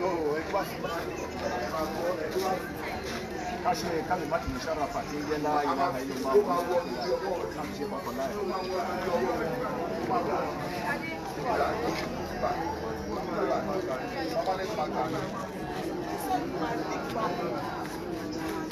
kashe kan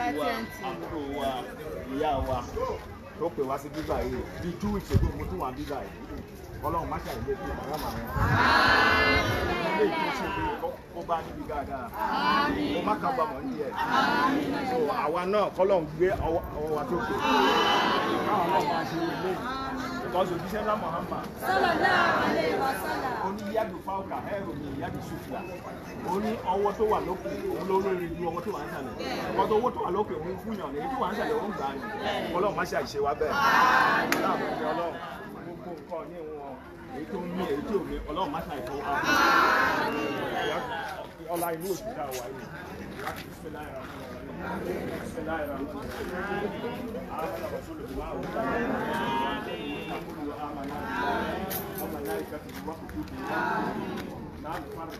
àtiwá tó pè wá sí bíbá yìí bí tú ìṣèlú mo tún wà bíbá yìí ọlọ́run má ṣàlùyẹ fún bàbá màmá wọn. ilé ìtúnṣe pé kó bá níbi dáadáa kó má kà bàmọ́ ní àwa náà kọ́lọ́run gbé ọwọ́ wa tó káwọn náà máa ṣe ilé because òjíṣẹ́ ńlá Muhammad. sallallahu alaihi wasallam. ó ní yàdù fáwọkà ẹ̀rù ní yàdù sùfìlà ó ní ọwọ́ tó wà lókè òun lórí ju ọwọ́ tó wà ń sàlẹ̀ ọwọ́ tó owó tó wà lókè òun fún yàn lẹ́yìn tó wà ń sàlẹ̀ òun gbà ní ọlọ́run má ṣe àṣẹ wa bẹ́ẹ̀ ọlọ́run gbogbo nǹkan ní wọn èyí tó ń mí èyí tó mi ọlọ́run má ṣe Wa fuana, wa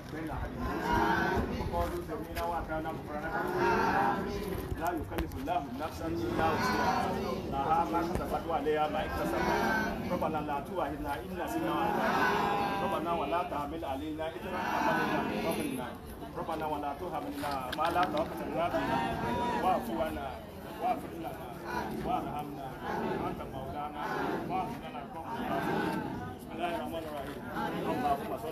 fuana, wa hamna, wa tamo.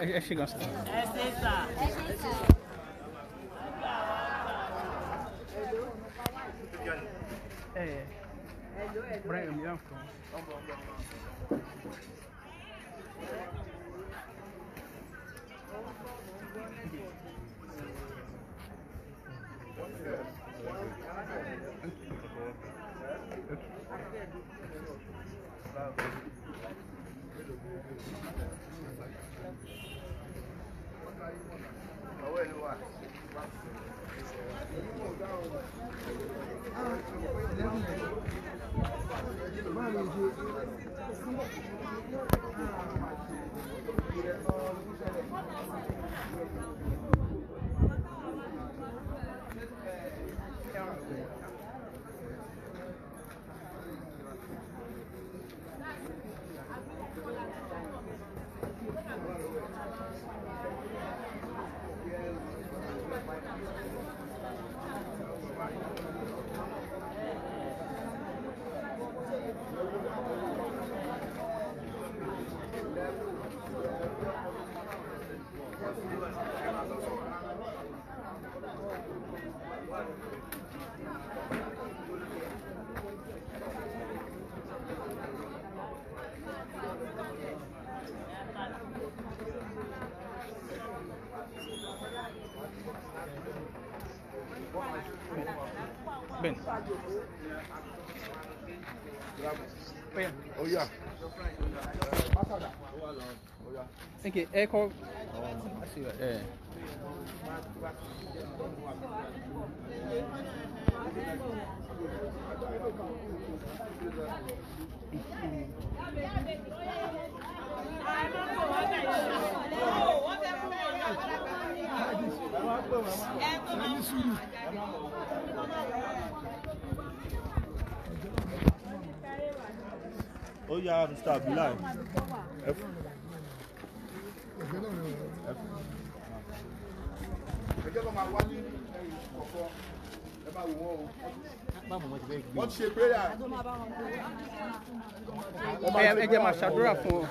é, é chegar. É sexta. É sexta. É. É do, tá. é do. Brian, me dá um Ben. Oh yeah. you. echo. Oh, I see that. Yeah. ó yá mr abdullahi ẹ fún ẹjọ́ máa wá ní kọ̀ọ̀kan ẹ máa wọ́n o. wọ́n ti ṣe prayer. ẹ jẹ́ máa ṣàdúrà fún ọ.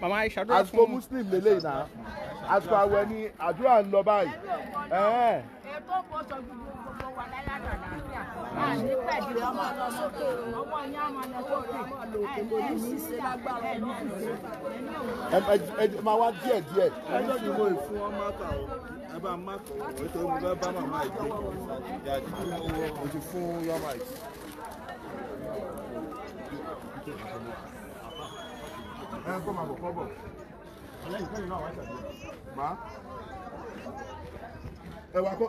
màmá káàkiri ọmọ lọ sókè ọmọ yẹn máa lọ sókè ẹ ní ṣiṣẹ lágbára ẹ ní ṣiṣẹ. ẹ máa wá díẹ̀ díẹ̀. ẹ lọ mo fún ọmọ kà ó ẹ bá má ètò ìmúlẹ bá màmá ìgbé ìyàdí tó mo ti fún yọmọ yìí. ẹ kọ́ máa kọ́ bọ̀ ọlẹ́yìn kẹ́yìn náà wá ṣàdúrà. ẹ wá kọ́.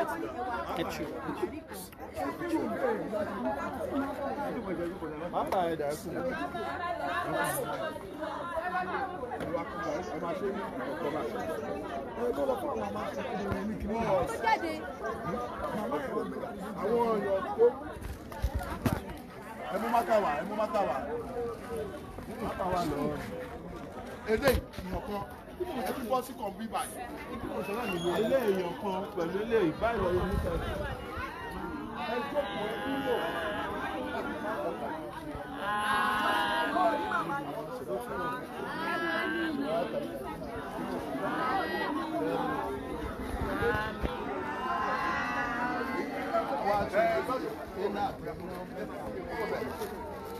Get you. Bàbá ẹ̀dá ẹ mú mákàwá ẹ mú mákàwá mákàwá lọ. Eléyìí ìyọ̀kan ẹ tún bọ́ sí kan bí báyìí ilé èèyàn kan pẹ̀lú ilé ìgbà ìrọ̀lẹ́ níta ẹ jókòó ẹ kúrò. Thank you.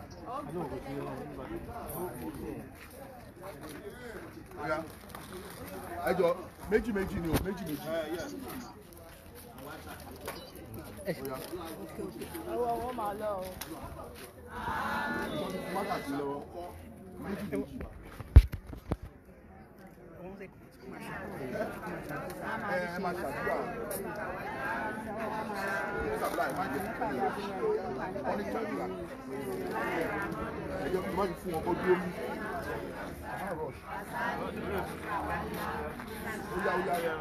ẹ jọ méjì méjì ni o méjì méjì. ọwọ́ wọn wọ́n ní tọ́jú rà ẹ̀yọ́ má ti fún ọkọ̀ dúró mú ọ̀yá ọ̀yá rẹ̀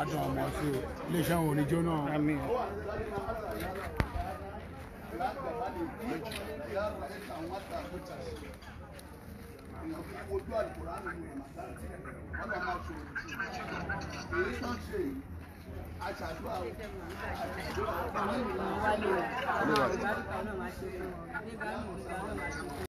àdùn ọmọ sí iléeṣẹ́ àwọn oníjó náà. Thank you èèyàn fi wojú àlùkòrá nínú ìmọ̀tán wọn lọ máa ṣòro èyí tó ń ṣe yìí aṣàdúrà aṣàdúrà ọ̀pọ̀ lẹ́yìn ìwáyé ọ̀pọ̀ àgbáríkà náà máa ṣe fún ọ nígbà mọ̀ ọ̀gá náà máa ṣe fún ọ.